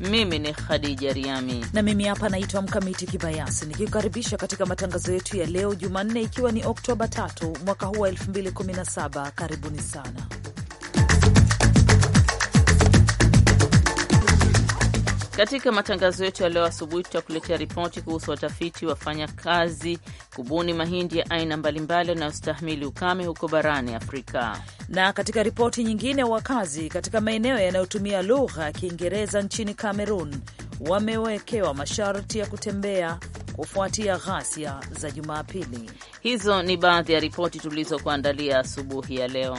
mimi ni Khadija Riami na mimi hapa naitwa Mkamiti Kibayasi nikikukaribisha katika matangazo yetu ya leo Jumanne, ikiwa ni Oktoba 3 mwaka huu wa 2017. Karibuni sana Katika matangazo yetu ya leo asubuhi, tutakuletea ripoti kuhusu watafiti wafanya kazi kubuni mahindi ya aina mbalimbali yanayostahimili ukame huko barani Afrika. Na katika ripoti nyingine, wakazi katika maeneo yanayotumia lugha ya Kiingereza nchini Kamerun wamewekewa masharti ya kutembea kufuatia ghasia za Jumapili. Hizo ni baadhi ya ripoti tulizokuandalia asubuhi ya leo.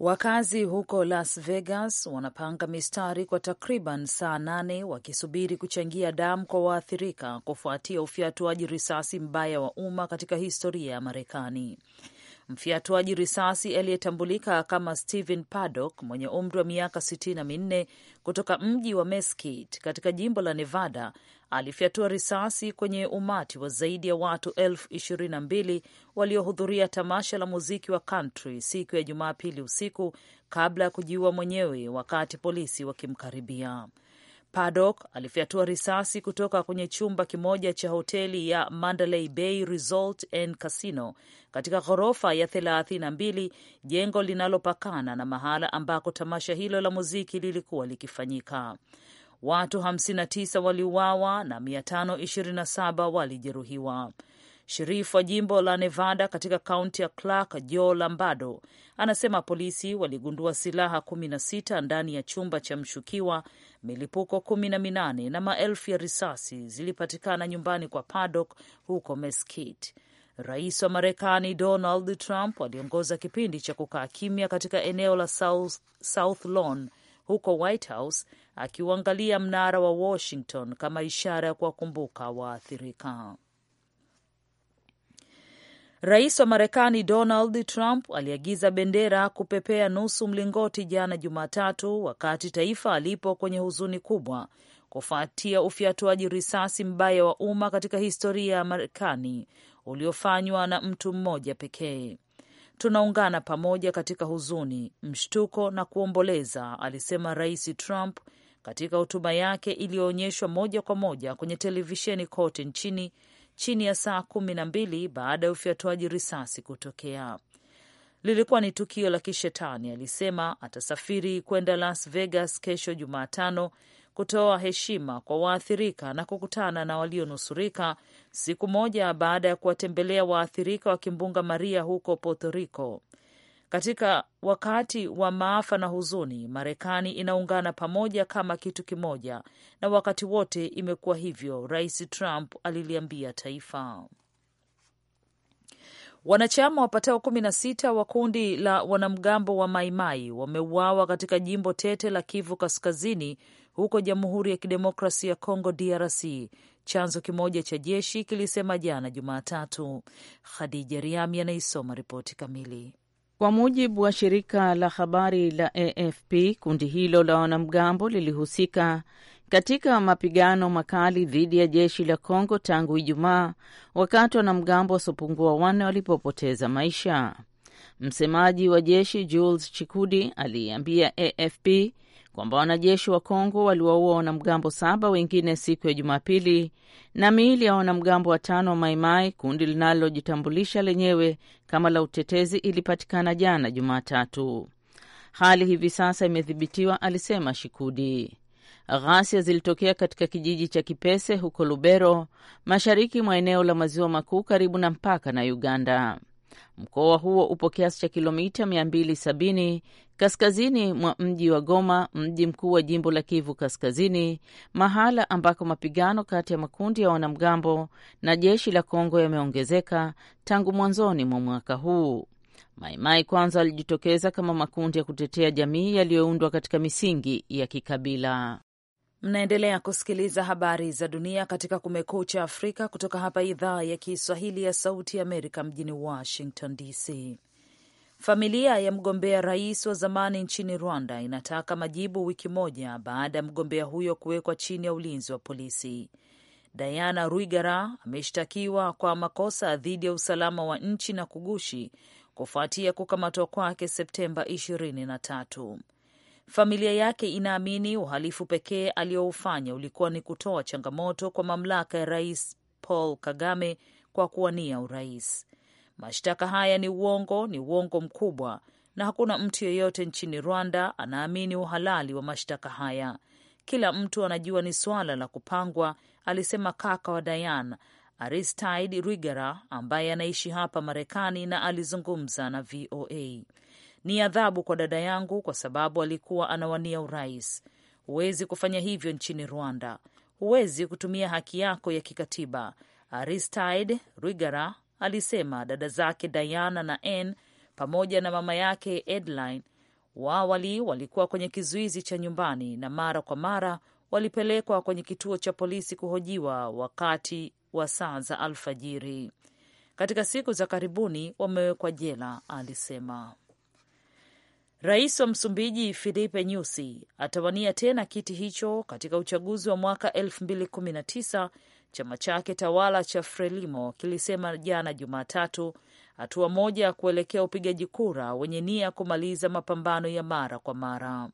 Wakazi huko Las Vegas wanapanga mistari kwa takriban saa nane wakisubiri kuchangia damu kwa waathirika kufuatia ufyatuaji risasi mbaya wa umma katika historia ya Marekani. Mfiatuaji risasi aliyetambulika kama Stephen Paddock mwenye umri wa miaka sitini na minne kutoka mji wa Mesquite katika jimbo la Nevada alifyatua risasi kwenye umati wa zaidi ya watu elfu ishirini na mbili waliohudhuria tamasha la muziki wa country siku ya Jumapili usiku kabla ya kujiua mwenyewe wakati polisi wakimkaribia. Paddock alifyatua risasi kutoka kwenye chumba kimoja cha hoteli ya Mandalay Bay Resort and Casino katika ghorofa ya thelathini na mbili, jengo linalopakana na mahala ambako tamasha hilo la muziki lilikuwa likifanyika. Watu 59 waliuawa na 527 walijeruhiwa. Sherifu wa jimbo la Nevada katika kaunti ya Clark, Joe Lombardo, anasema polisi waligundua silaha kumi na sita ndani ya chumba cha mshukiwa, milipuko kumi na minane na maelfu ya risasi zilipatikana nyumbani kwa Paddock huko Mesquite. Rais wa Marekani Donald Trump aliongoza kipindi cha kukaa kimya katika eneo la South, South Lawn huko White House akiuangalia mnara wa Washington kama ishara ya kuwakumbuka waathirika. Rais wa Marekani Donald Trump aliagiza bendera kupepea nusu mlingoti jana Jumatatu, wakati taifa alipo kwenye huzuni kubwa kufuatia ufyatuaji risasi mbaya wa umma katika historia ya Marekani uliofanywa na mtu mmoja pekee. Tunaungana pamoja katika huzuni, mshtuko na kuomboleza, alisema Rais Trump katika hotuba yake iliyoonyeshwa moja kwa moja kwenye televisheni kote nchini chini ya saa kumi na mbili baada ya ufyatuaji risasi kutokea. Lilikuwa ni tukio la kishetani, alisema. Atasafiri kwenda Las Vegas kesho Jumatano kutoa heshima kwa waathirika na kukutana na walionusurika siku moja baada ya kuwatembelea waathirika wa kimbunga Maria huko Puerto Rico katika wakati wa maafa na huzuni, Marekani inaungana pamoja kama kitu kimoja, na wakati wote imekuwa hivyo, Rais Trump aliliambia taifa. Wanachama wapatao kumi na sita wa kundi la wanamgambo wa Maimai wameuawa katika jimbo tete la Kivu Kaskazini huko Jamhuri ya Kidemokrasi ya Kongo DRC, chanzo kimoja cha jeshi kilisema jana Jumatatu. Khadija Riami anaisoma ripoti kamili. Kwa mujibu wa shirika la habari la AFP, kundi hilo la wanamgambo lilihusika katika mapigano makali dhidi ya jeshi la Kongo tangu Ijumaa, wakati wanamgambo wasiopungua wanne walipopoteza maisha. Msemaji wa jeshi Jules Chikudi aliyeambia AFP kwamba wanajeshi wa Kongo waliwaua wanamgambo saba wengine siku ya Jumapili na miili ya wanamgambo watano wa Maimai, kundi linalojitambulisha lenyewe kama la utetezi, ilipatikana jana Jumatatu. Hali hivi sasa imedhibitiwa, alisema Shikudi. Ghasia zilitokea katika kijiji cha Kipese huko Lubero, mashariki mwa eneo la maziwa makuu karibu na mpaka na Uganda. Mkoa huo upo kiasi cha kilomita 270 kaskazini mwa mji wa Goma, mji mkuu wa jimbo la Kivu Kaskazini, mahala ambako mapigano kati ya makundi ya wanamgambo na jeshi la Kongo yameongezeka tangu mwanzoni mwa mwaka huu. Maimai kwanza alijitokeza kama makundi ya kutetea jamii yaliyoundwa katika misingi ya kikabila. Mnaendelea kusikiliza habari za dunia katika Kumekucha Afrika kutoka hapa idhaa ya Kiswahili ya Sauti ya Amerika mjini Washington DC. Familia ya mgombea rais wa zamani nchini Rwanda inataka majibu wiki moja baada ya mgombea huyo kuwekwa chini ya ulinzi wa polisi. Diana Rwigara ameshtakiwa kwa makosa dhidi ya usalama wa nchi na kugushi kufuatia kukamatwa kwake Septemba 23. Familia yake inaamini uhalifu pekee aliyoufanya ulikuwa ni kutoa changamoto kwa mamlaka ya Rais Paul Kagame kwa kuwania urais. Mashtaka haya ni uongo, ni uongo mkubwa, na hakuna mtu yeyote nchini Rwanda anaamini uhalali wa mashtaka haya. Kila mtu anajua ni suala la kupangwa, alisema kaka wa Diane Aristide Rwigara ambaye anaishi hapa Marekani na alizungumza na VOA. Ni adhabu kwa dada yangu kwa sababu alikuwa anawania urais. Huwezi kufanya hivyo nchini Rwanda, huwezi kutumia haki yako ya kikatiba, Aristide Rwigara alisema. Dada zake Diana na Anne pamoja na mama yake Edline wawali walikuwa kwenye kizuizi cha nyumbani na mara kwa mara walipelekwa kwenye kituo cha polisi kuhojiwa wakati wa saa za alfajiri. Katika siku za karibuni wamewekwa jela, alisema. Rais wa Msumbiji Filipe Nyusi atawania tena kiti hicho katika uchaguzi wa mwaka 2019, chama chake tawala cha Frelimo kilisema jana Jumatatu, hatua moja ya kuelekea upigaji kura wenye nia ya kumaliza mapambano ya mara kwa mara.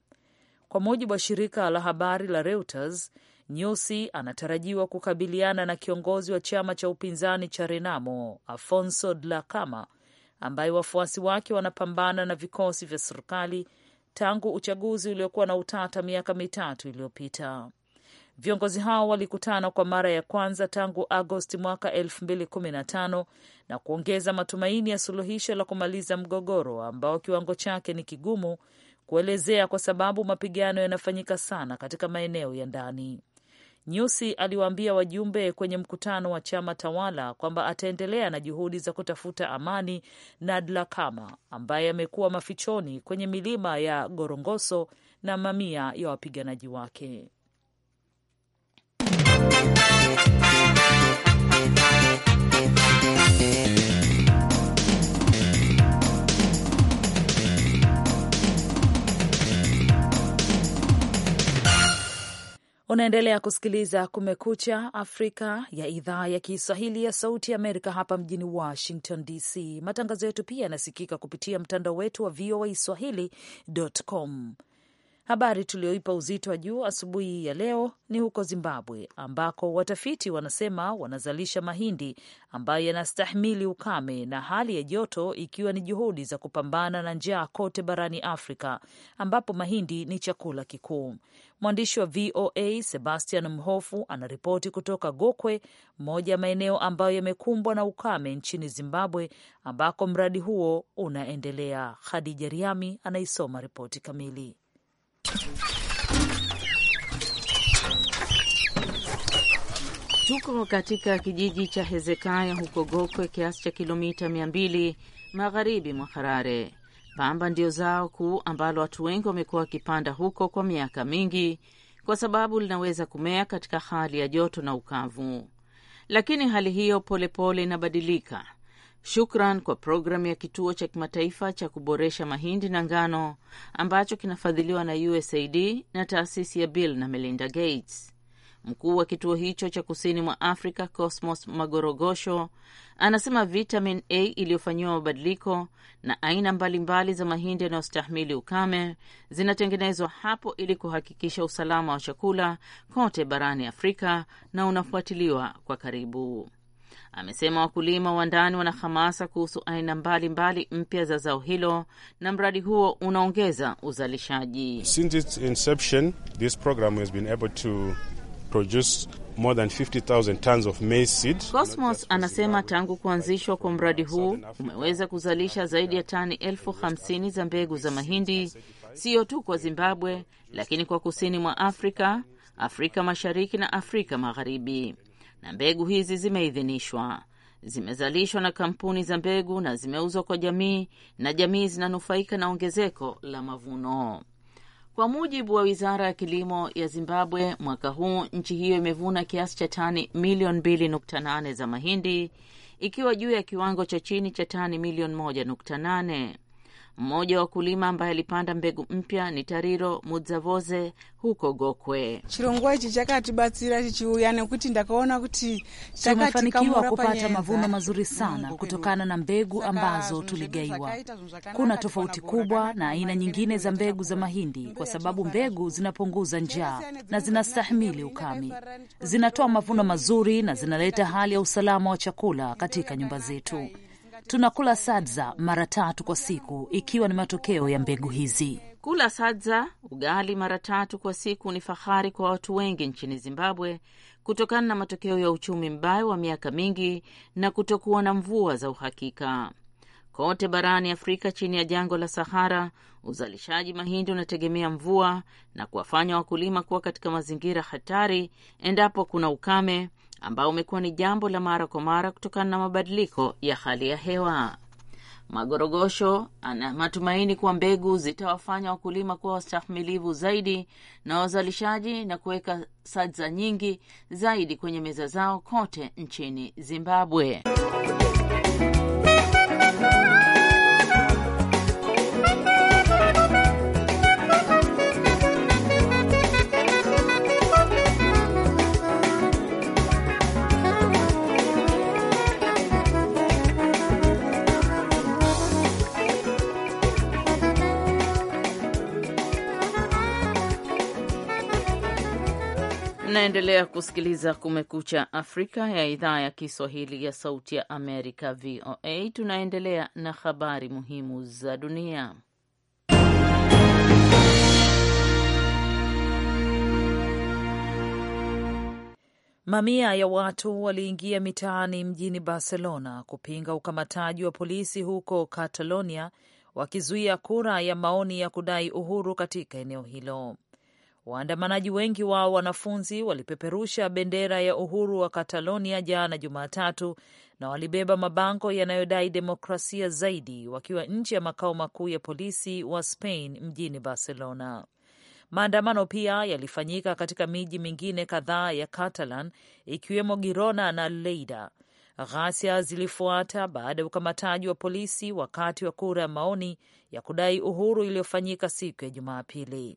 Kwa mujibu wa shirika la habari la Reuters, Nyusi anatarajiwa kukabiliana na kiongozi wa chama cha upinzani cha Renamo Afonso Dhlakama ambaye wafuasi wake wanapambana na vikosi vya serikali tangu uchaguzi uliokuwa na utata miaka mitatu iliyopita. Viongozi hao walikutana kwa mara ya kwanza tangu Agosti mwaka 2015 na kuongeza matumaini ya suluhisho la kumaliza mgogoro ambao kiwango chake ni kigumu kuelezea kwa sababu mapigano yanafanyika sana katika maeneo ya ndani. Nyusi aliwaambia wajumbe kwenye mkutano wa chama tawala kwamba ataendelea na juhudi za kutafuta amani na Dhlakama ambaye amekuwa mafichoni kwenye milima ya Gorongoso na mamia ya wapiganaji wake. Unaendelea kusikiliza Kumekucha Afrika ya idhaa ya Kiswahili ya Sauti ya Amerika hapa mjini Washington DC. Matangazo yetu pia yanasikika kupitia mtandao wetu wa VOA swahili.com. Habari tuliyoipa uzito wa juu asubuhi ya leo ni huko Zimbabwe ambako watafiti wanasema wanazalisha mahindi ambayo yanastahimili ukame na hali ya joto, ikiwa ni juhudi za kupambana na njaa kote barani Afrika ambapo mahindi ni chakula kikuu. Mwandishi wa VOA Sebastian Mhofu anaripoti kutoka Gokwe, moja ya maeneo ambayo yamekumbwa na ukame nchini Zimbabwe, ambako mradi huo unaendelea. Khadija Riami anaisoma ripoti kamili. Tuko katika kijiji cha Hezekaya huko Gokwe, kiasi cha kilomita 200 magharibi mwa Harare. Pamba ndio zao kuu ambalo watu wengi wamekuwa wakipanda huko kwa miaka mingi, kwa sababu linaweza kumea katika hali ya joto na ukavu. Lakini hali hiyo polepole inabadilika Shukran kwa programu ya kituo cha kimataifa cha kuboresha mahindi na ngano ambacho kinafadhiliwa na USAID na taasisi ya Bill na Melinda Gates. Mkuu wa kituo hicho cha kusini mwa Afrika, Cosmos Magorogosho, anasema vitamin A iliyofanyiwa mabadiliko na aina mbalimbali mbali za mahindi yanayostahimili ukame zinatengenezwa hapo ili kuhakikisha usalama wa chakula kote barani Afrika na unafuatiliwa kwa karibu amesema wakulima wa ndani wana hamasa kuhusu aina mbalimbali mpya za zao hilo na mradi huo unaongeza uzalishaji. Since its inception, this program has been able to produce more than 50,000 tons of maize seed. Cosmos anasema tangu kuanzishwa kwa mradi huu umeweza kuzalisha zaidi ya tani elfu hamsini za mbegu za mahindi, siyo tu kwa Zimbabwe, lakini kwa kusini mwa Afrika, Afrika Mashariki na Afrika Magharibi na mbegu hizi zimeidhinishwa, zimezalishwa na kampuni za mbegu na zimeuzwa kwa jamii, na jamii zinanufaika na ongezeko la mavuno. Kwa mujibu wa wizara ya kilimo ya Zimbabwe, mwaka huu nchi hiyo imevuna kiasi cha tani milioni 2.8 za mahindi, ikiwa juu ya kiwango cha chini cha tani milioni 1.8. Mmoja wa wakulima ambaye alipanda mbegu mpya ni Tariro Mudzavoze huko Gokwe. Tumefanikiwa kupata mavuno mazuri mm, sana kutokana na mbegu ambazo tuligaiwa. Kuna tofauti kubwa na aina nyingine za mbegu za mahindi, kwa sababu mbegu zinapunguza njaa na zinastahimili ukame, zinatoa mavuno mazuri na zinaleta hali ya usalama wa chakula katika nyumba zetu. Tunakula sadza mara tatu kwa siku, ikiwa ni matokeo ya mbegu hizi. Kula sadza, ugali mara tatu kwa siku, ni fahari kwa watu wengi nchini Zimbabwe kutokana na matokeo ya uchumi mbaya wa miaka mingi na kutokuwa na mvua za uhakika kote barani Afrika chini ya jangwa la Sahara. Uzalishaji mahindi unategemea mvua na kuwafanya wakulima kuwa katika mazingira hatari endapo kuna ukame, ambao umekuwa ni jambo la mara kwa mara kutokana na mabadiliko ya hali ya hewa. Magorogosho ana matumaini kuwa mbegu zitawafanya wakulima kuwa wastahimilivu zaidi na wazalishaji na kuweka sadza nyingi zaidi kwenye meza zao kote nchini Zimbabwe. Mnaendelea kusikiliza Kumekucha Afrika ya idhaa ya Kiswahili ya Sauti ya Amerika, VOA. Tunaendelea na habari muhimu za dunia. Mamia ya watu waliingia mitaani mjini Barcelona kupinga ukamataji wa polisi huko Catalonia, wakizuia kura ya maoni ya kudai uhuru katika eneo hilo. Waandamanaji wengi wao wanafunzi walipeperusha bendera ya uhuru wa Katalonia jana Jumatatu na walibeba mabango yanayodai demokrasia zaidi wakiwa nje ya makao makuu ya polisi wa Spain mjini Barcelona. Maandamano pia yalifanyika katika miji mingine kadhaa ya Catalan ikiwemo Girona na Lleida Ghasia zilifuata baada ya ukamataji wa polisi wakati wa kura ya maoni ya kudai uhuru iliyofanyika siku ya Jumapili.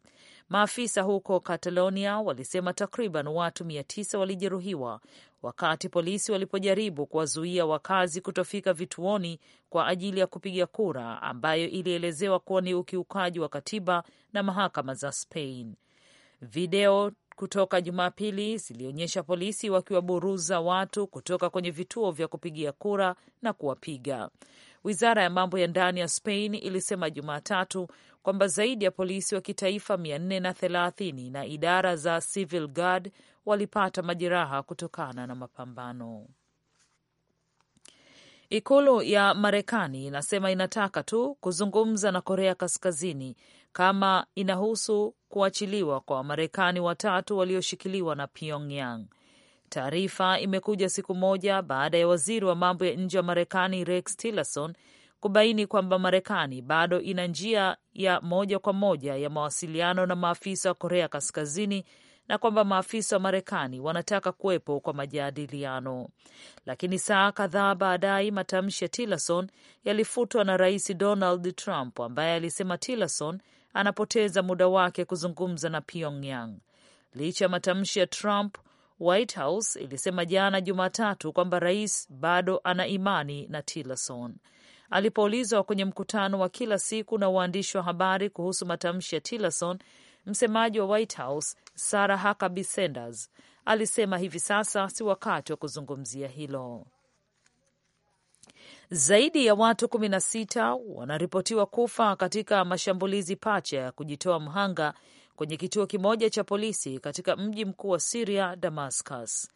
Maafisa huko Catalonia walisema takriban watu mia tisa walijeruhiwa wakati polisi walipojaribu kuwazuia wakazi kutofika vituoni kwa ajili ya kupiga kura ambayo ilielezewa kuwa ni ukiukaji wa katiba na mahakama za Spain. Video kutoka Jumapili zilionyesha polisi wakiwaburuza watu kutoka kwenye vituo vya kupigia kura na kuwapiga. Wizara ya mambo ya ndani ya Spain ilisema Jumatatu kwamba zaidi ya polisi wa kitaifa 430 na idara za civil guard walipata majeraha kutokana na mapambano. Ikulu ya Marekani inasema inataka tu kuzungumza na Korea Kaskazini kama inahusu kuachiliwa kwa Wamarekani watatu walioshikiliwa na Pyongyang. Taarifa imekuja siku moja baada ya waziri wa mambo ya nje wa Marekani Rex Tillerson kubaini kwamba Marekani bado ina njia ya moja kwa moja ya mawasiliano na maafisa wa Korea Kaskazini na kwamba maafisa wa Marekani wanataka kuwepo kwa majadiliano. Lakini saa kadhaa baadaye matamshi ya Tillerson yalifutwa na Rais Donald Trump ambaye alisema Tillerson anapoteza muda wake kuzungumza na Pyongyang. Licha ya matamshi ya Trump, White House ilisema jana Jumatatu kwamba rais bado ana imani na Tillerson. Alipoulizwa kwenye mkutano wa kila siku na waandishi wa habari kuhusu matamshi ya Tillerson, msemaji wa White House Sarah Huckabee Sanders alisema hivi sasa si wakati wa kuzungumzia hilo. Zaidi ya watu 16 wanaripotiwa kufa katika mashambulizi pacha ya kujitoa mhanga kwenye kituo kimoja cha polisi katika mji mkuu wa Siria, Damascus.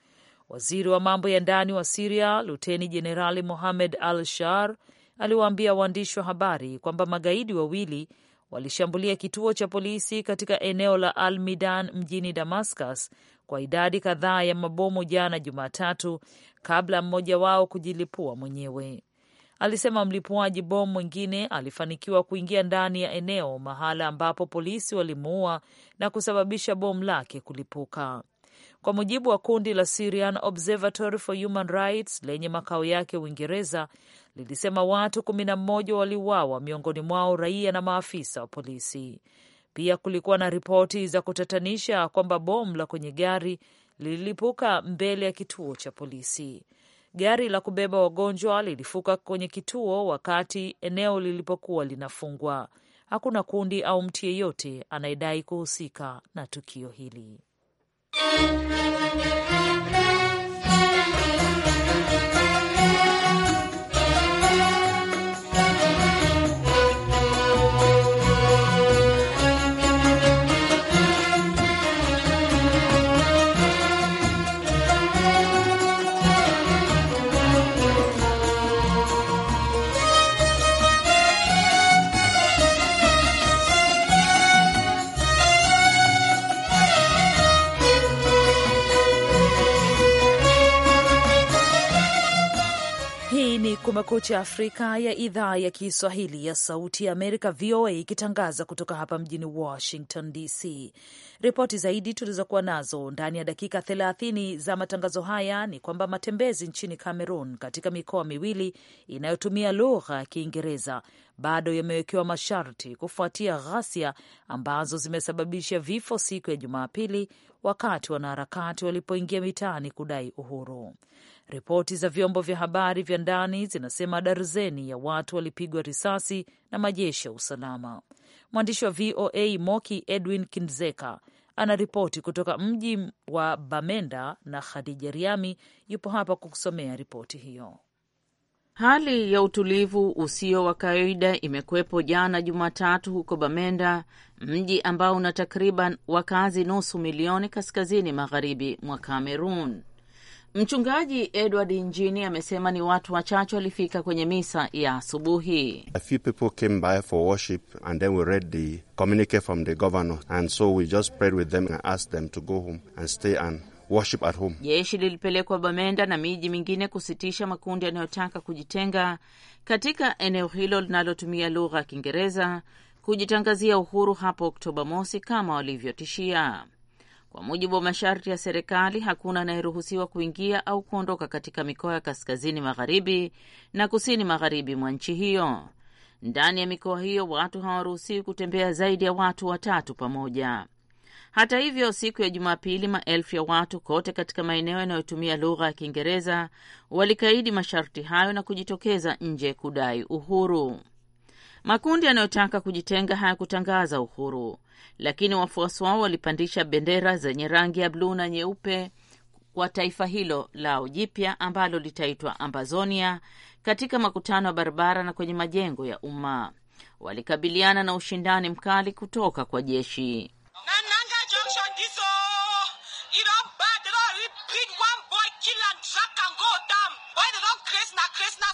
Waziri wa mambo ya ndani wa Siria, Luteni Jenerali Mohamed Al Shar, aliwaambia waandishi wa habari kwamba magaidi wawili walishambulia kituo cha polisi katika eneo la Al Midan mjini Damascus kwa idadi kadhaa ya mabomu jana Jumatatu, kabla mmoja wao kujilipua mwenyewe alisema mlipuaji bomu mwingine alifanikiwa kuingia ndani ya eneo mahala ambapo polisi walimuua na kusababisha bomu lake kulipuka. Kwa mujibu wa kundi la Syrian Observatory for Human Rights lenye makao yake Uingereza, lilisema watu kumi na mmoja waliuawa, miongoni mwao raia na maafisa wa polisi. Pia kulikuwa na ripoti za kutatanisha kwamba bomu la kwenye gari lililipuka mbele ya kituo cha polisi. Gari la kubeba wagonjwa lilifuka kwenye kituo wakati eneo lilipokuwa linafungwa. Hakuna kundi au mtu yeyote anayedai kuhusika na tukio hili. Kumekucha Afrika ya idhaa ya Kiswahili ya Sauti ya Amerika, VOA, ikitangaza kutoka hapa mjini Washington DC. Ripoti zaidi tulizokuwa nazo ndani ya dakika 30 za matangazo haya ni kwamba matembezi nchini Cameroon katika mikoa miwili inayotumia lugha ya Kiingereza bado yamewekewa masharti kufuatia ghasia ambazo zimesababisha vifo siku ya Jumapili wakati wanaharakati walipoingia mitaani kudai uhuru. Ripoti za vyombo vya habari vya ndani zinasema darzeni ya watu walipigwa risasi na majeshi ya usalama. Mwandishi wa VOA Moki Edwin Kinzeka anaripoti kutoka mji wa Bamenda na Khadija Riami yupo hapa kukusomea ripoti hiyo. Hali ya utulivu usio wa kawaida imekwepo jana Jumatatu huko Bamenda, mji ambao una takriban wakazi nusu milioni kaskazini magharibi mwa Kamerun. Mchungaji Edward Njini amesema ni watu wachache walifika kwenye misa ya asubuhi. A few people came by for worship and then we read the communique from the governor and so we just prayed with them and asked them to go home and stay and worship at home. Jeshi lilipelekwa Bamenda na miji mingine kusitisha makundi yanayotaka kujitenga katika eneo hilo linalotumia lugha ya Kiingereza kujitangazia uhuru hapo Oktoba mosi kama walivyotishia. Kwa mujibu wa masharti ya serikali, hakuna anayeruhusiwa kuingia au kuondoka katika mikoa ya kaskazini magharibi na kusini magharibi mwa nchi hiyo. Ndani ya mikoa hiyo watu hawaruhusiwi kutembea zaidi ya watu watatu pamoja. Hata hivyo, siku ya Jumapili, maelfu ya watu kote katika maeneo yanayotumia lugha ya Kiingereza walikaidi masharti hayo na kujitokeza nje kudai uhuru. Makundi yanayotaka kujitenga hayakutangaza uhuru, lakini wafuasi wao walipandisha bendera zenye rangi ya bluu na nyeupe kwa taifa hilo lao jipya ambalo litaitwa Ambazonia katika makutano ya barabara na kwenye majengo ya umma. Walikabiliana na ushindani mkali kutoka kwa jeshi.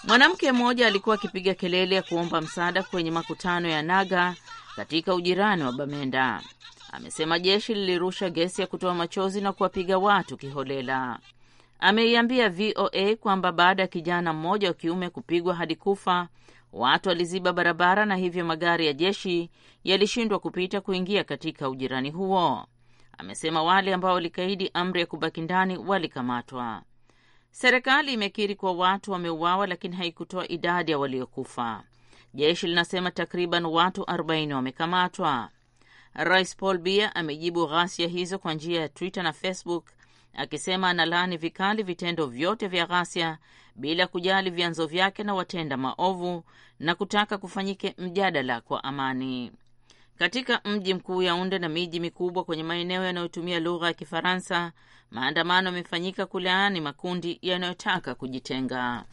Mwanamke mmoja alikuwa akipiga kelele ya kuomba msaada kwenye makutano ya Naga katika ujirani wa Bamenda. Amesema jeshi lilirusha gesi ya kutoa machozi na kuwapiga watu kiholela. Ameiambia VOA kwamba baada ya kijana mmoja wa kiume kupigwa hadi kufa, watu waliziba barabara na hivyo magari ya jeshi yalishindwa kupita kuingia katika ujirani huo. Amesema wale ambao walikaidi amri ya kubaki ndani walikamatwa. Serikali imekiri kuwa watu wameuawa, lakini haikutoa idadi ya waliokufa. Jeshi linasema takriban watu 40 wamekamatwa. Rais Paul bia amejibu ghasia hizo kwa njia ya Twitter na Facebook akisema analaani vikali vitendo vyote vya ghasia bila kujali vyanzo vyake na watenda maovu na kutaka kufanyike mjadala kwa amani. Katika mji mkuu Yaunde na miji mikubwa kwenye maeneo yanayotumia lugha ya Kifaransa, Maandamano yamefanyika kulaani makundi yanayotaka kujitenga.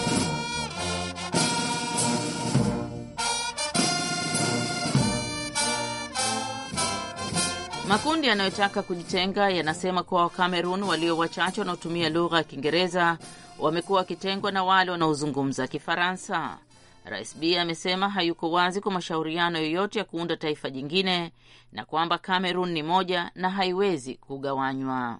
Makundi yanayotaka kujitenga yanasema kuwa Wakamerun walio wachache wanaotumia lugha ya Kiingereza wamekuwa wakitengwa na wale wanaozungumza Kifaransa. Rais b amesema hayuko wazi kwa mashauriano yoyote ya kuunda taifa jingine na kwamba Kamerun ni moja na haiwezi kugawanywa.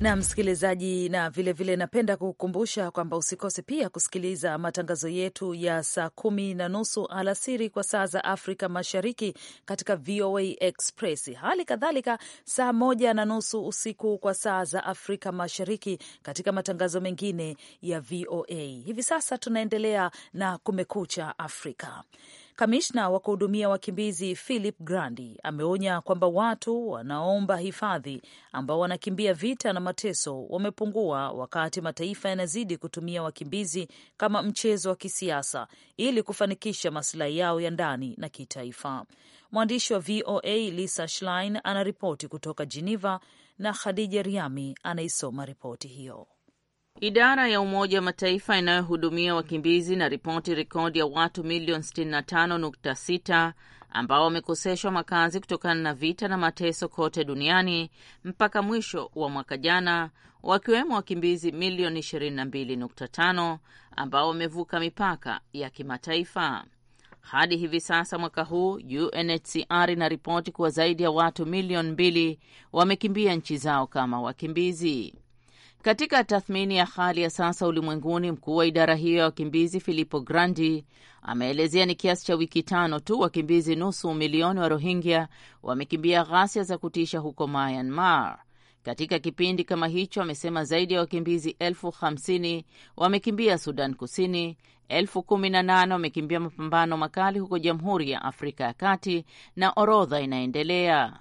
na msikilizaji, na vilevile vile napenda kukukumbusha kwamba usikose pia kusikiliza matangazo yetu ya saa kumi na nusu alasiri kwa saa za Afrika Mashariki katika VOA Express, hali kadhalika saa moja na nusu usiku kwa saa za Afrika Mashariki katika matangazo mengine ya VOA. Hivi sasa tunaendelea na Kumekucha Afrika. Kamishna wa kuhudumia wakimbizi Philip Grandi ameonya kwamba watu wanaomba hifadhi ambao wanakimbia vita na mateso wamepungua, wakati mataifa yanazidi kutumia wakimbizi kama mchezo wa kisiasa ili kufanikisha masilahi yao ya ndani na kitaifa. Mwandishi wa VOA Lisa Schlein anaripoti kutoka Geneva na Khadija Riami anaisoma ripoti hiyo. Idara ya Umoja wa Mataifa inayohudumia wakimbizi na ripoti rekodi ya watu milioni 65.6 ambao wamekoseshwa makazi kutokana na vita na mateso kote duniani mpaka mwisho wa mwaka jana, wakiwemo wakimbizi milioni 22.5 ambao wamevuka mipaka ya kimataifa. Hadi hivi sasa mwaka huu, UNHCR inaripoti kuwa zaidi ya watu milioni mbili wamekimbia nchi zao kama wakimbizi. Katika tathmini ya hali ya sasa ulimwenguni, mkuu wa idara hiyo ya wakimbizi Filippo Grandi ameelezea ni kiasi cha wiki tano tu wakimbizi nusu milioni wa Rohingya wamekimbia ghasia za kutisha huko Myanmar. Katika kipindi kama hicho, amesema zaidi ya wakimbizi elfu hamsini wamekimbia Sudan Kusini, elfu kumi na nane wamekimbia mapambano makali huko Jamhuri ya Afrika ya Kati, na orodha inaendelea.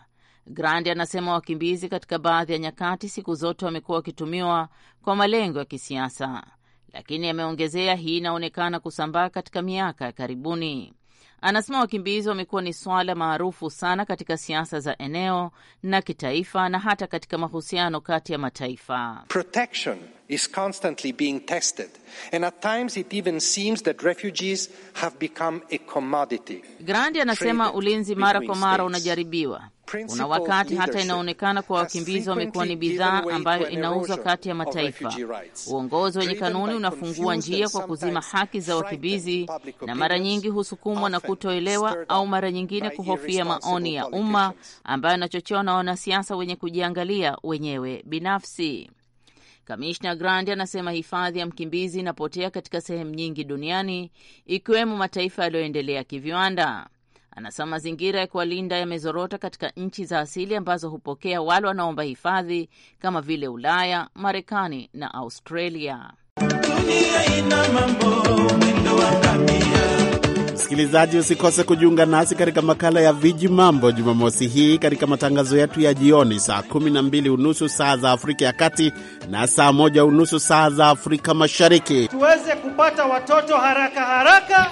Grandi anasema wakimbizi katika baadhi ya nyakati siku zote wamekuwa wakitumiwa kwa malengo ya kisiasa, lakini ameongezea, hii inaonekana kusambaa katika miaka ya karibuni. Anasema wakimbizi wamekuwa ni swala maarufu sana katika siasa za eneo na kitaifa na hata katika mahusiano kati ya mataifa. Protection is constantly being tested and at times it even seems that refugees have become a commodity. Grandi anasema ulinzi mara kwa mara unajaribiwa kuna wakati hata inaonekana kuwa wakimbizi wamekuwa ni bidhaa ambayo inauzwa kati ya mataifa. Uongozi wenye kanuni unafungua njia kwa kuzima haki za wakimbizi, na mara nyingi husukumwa na kutoelewa au mara nyingine kuhofia maoni ya umma ambayo inachochewa na wanasiasa wenye kujiangalia wenyewe binafsi. Kamishna Grandi anasema hifadhi ya mkimbizi inapotea katika sehemu nyingi duniani ikiwemo mataifa yaliyoendelea kiviwanda. Anasema mazingira ya kuwalinda yamezorota katika nchi za asili ambazo hupokea wale wanaomba hifadhi kama vile Ulaya, Marekani na Australia. Msikilizaji, usikose kujiunga nasi katika makala ya Viji Mambo Jumamosi hii katika matangazo yetu ya jioni saa kumi na mbili unusu saa za Afrika ya Kati na saa moja unusu saa za Afrika Mashariki, tuweze kupata watoto haraka haraka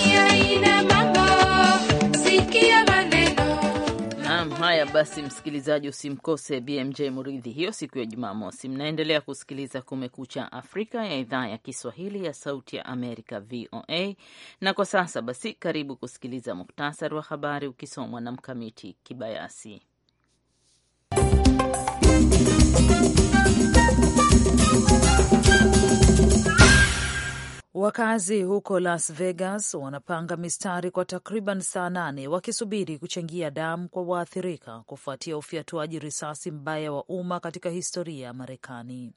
Basi msikilizaji, usimkose BMJ Muridhi hiyo siku ya Jumamosi. Mnaendelea kusikiliza Kumekucha Afrika ya idhaa ya Kiswahili ya Sauti ya Amerika, VOA. Na kwa sasa basi, karibu kusikiliza muktasari wa habari ukisomwa na Mkamiti Kibayasi. Wakazi huko Las Vegas wanapanga mistari kwa takriban saa nane wakisubiri kuchangia damu kwa waathirika kufuatia ufyatuaji risasi mbaya wa umma katika historia ya Marekani.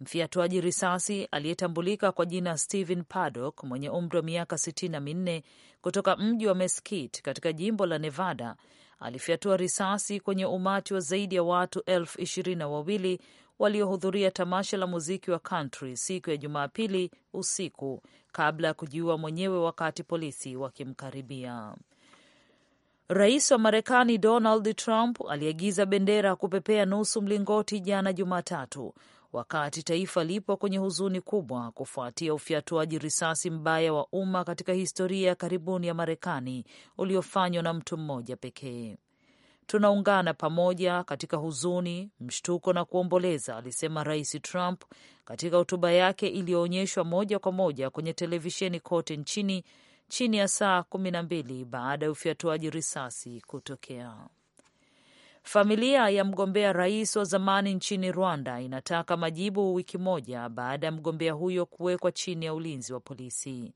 Mfyatuaji risasi aliyetambulika kwa jina Stephen Paddock mwenye umri wa miaka sitini na minne kutoka mji wa Mesquite katika jimbo la Nevada alifyatua risasi kwenye umati wa zaidi ya watu elfu ishirini na wawili waliohudhuria tamasha la muziki wa country siku ya Jumapili usiku kabla ya kujiua mwenyewe wakati polisi wakimkaribia. Rais wa Marekani Donald Trump aliagiza bendera kupepea nusu mlingoti jana Jumatatu, wakati taifa lipo kwenye huzuni kubwa kufuatia ufyatuaji risasi mbaya wa umma katika historia ya karibuni ya Marekani uliofanywa na mtu mmoja pekee tunaungana pamoja katika huzuni, mshtuko na kuomboleza, alisema Rais Trump katika hotuba yake iliyoonyeshwa moja kwa moja kwenye televisheni kote nchini chini ya saa kumi na mbili baada ya ufyatuaji risasi kutokea. Familia ya mgombea rais wa zamani nchini Rwanda inataka majibu wiki moja baada ya mgombea huyo kuwekwa chini ya ulinzi wa polisi.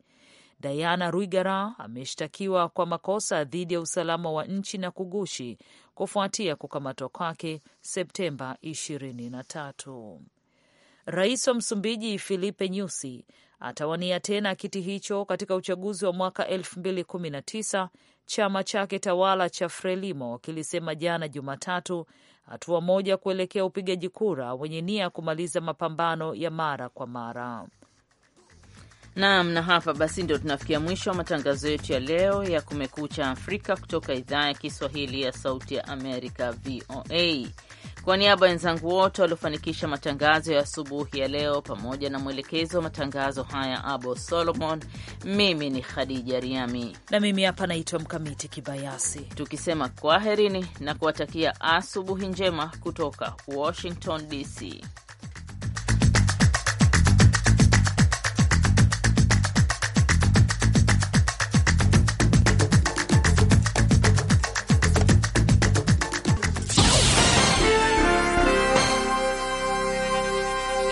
Diana Rwigara ameshtakiwa kwa makosa dhidi ya usalama wa nchi na kugushi kufuatia kukamatwa kwake Septemba 23. Rais wa Msumbiji Filipe Nyusi atawania tena kiti hicho katika uchaguzi wa mwaka 2019. Chama chake tawala cha Frelimo kilisema jana Jumatatu, hatua moja kuelekea upigaji kura wenye nia ya kumaliza mapambano ya mara kwa mara. Naam, na hapa basi ndio tunafikia mwisho wa matangazo yetu ya leo ya Kumekucha Afrika kutoka idhaa ya Kiswahili ya Sauti ya Amerika, VOA. Kwa niaba ya wenzangu wote waliofanikisha matangazo ya asubuhi ya leo, pamoja na mwelekezi wa matangazo haya Abo Solomon, mimi ni Khadija Riami na mimi hapa naitwa Mkamiti Kibayasi, tukisema kwaherini na kuwatakia asubuhi njema kutoka Washington DC.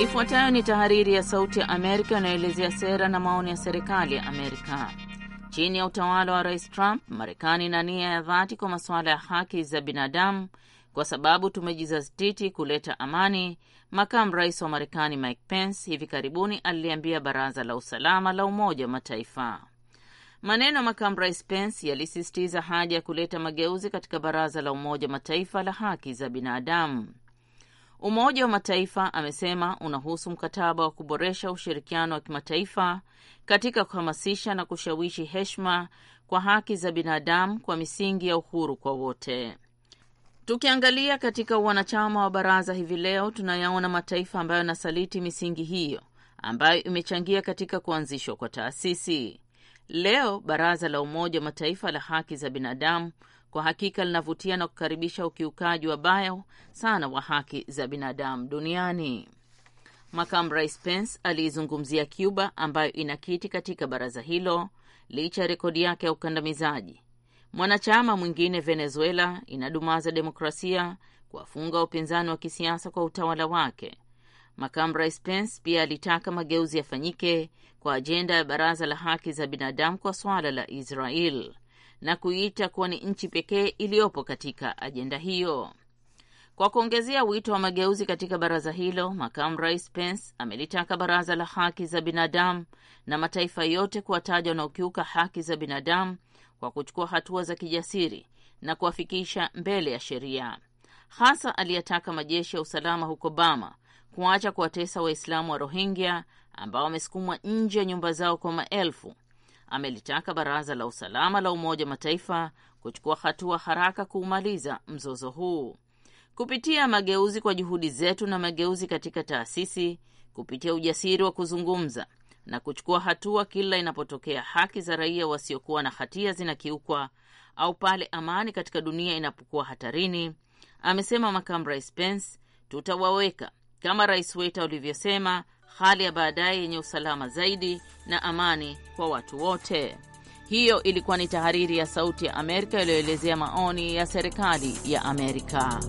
Ifuatayo ni tahariri ya Sauti ya Amerika inayoelezea sera na maoni ya serikali ya Amerika. Chini ya utawala wa Rais Trump, Marekani ina nia ya dhati kwa masuala ya haki za binadamu kwa sababu tumejizatiti kuleta amani. Makamu rais wa Marekani Mike Pence hivi karibuni aliliambia baraza la usalama la Umoja wa Mataifa. Maneno ya makamu rais Pence yalisisitiza haja ya kuleta mageuzi katika baraza la Umoja wa Mataifa la haki za binadamu. Umoja wa Mataifa amesema unahusu mkataba wa kuboresha ushirikiano wa kimataifa katika kuhamasisha na kushawishi heshima kwa haki za binadamu kwa misingi ya uhuru kwa wote. Tukiangalia katika wanachama wa baraza hivi leo, tunayaona mataifa ambayo yanasaliti misingi hiyo ambayo imechangia katika kuanzishwa kwa taasisi. Leo baraza la Umoja wa Mataifa la haki za binadamu kwa hakika linavutia na kukaribisha ukiukaji wa bayo sana wa haki za binadamu duniani. Makamu Rais Pence aliizungumzia Cuba ambayo ina kiti katika baraza hilo licha ya rekodi yake ya ukandamizaji. Mwanachama mwingine Venezuela inadumaza demokrasia, kuwafunga upinzani wa kisiasa kwa utawala wake. Makamu Rais Pence pia alitaka mageuzi yafanyike kwa ajenda ya baraza la haki za binadamu kwa swala la Israel na kuiita kuwa ni nchi pekee iliyopo katika ajenda hiyo. Kwa kuongezea wito wa mageuzi katika baraza hilo, makamu rais Pence amelitaka baraza la haki za binadamu na mataifa yote kuwataja wanaokiuka haki za binadamu kwa kuchukua hatua za kijasiri na kuwafikisha mbele ya sheria. Hasa aliyataka majeshi ya usalama huko Bama kuacha kuwatesa Waislamu wa Rohingya ambao wamesukumwa nje ya nyumba zao kwa maelfu amelitaka Baraza la Usalama la Umoja Mataifa kuchukua hatua haraka kuumaliza mzozo huu kupitia mageuzi kwa juhudi zetu na mageuzi katika taasisi, kupitia ujasiri wa kuzungumza na kuchukua hatua kila inapotokea haki za raia wasiokuwa na hatia zinakiukwa au pale amani katika dunia inapokuwa hatarini, amesema Makamu Rais Pence. Tutawaweka kama Rais Weta ulivyosema hali ya baadaye yenye usalama zaidi na amani kwa watu wote. Hiyo ilikuwa ni tahariri ya Sauti ya Amerika iliyoelezea maoni ya serikali ya Amerika.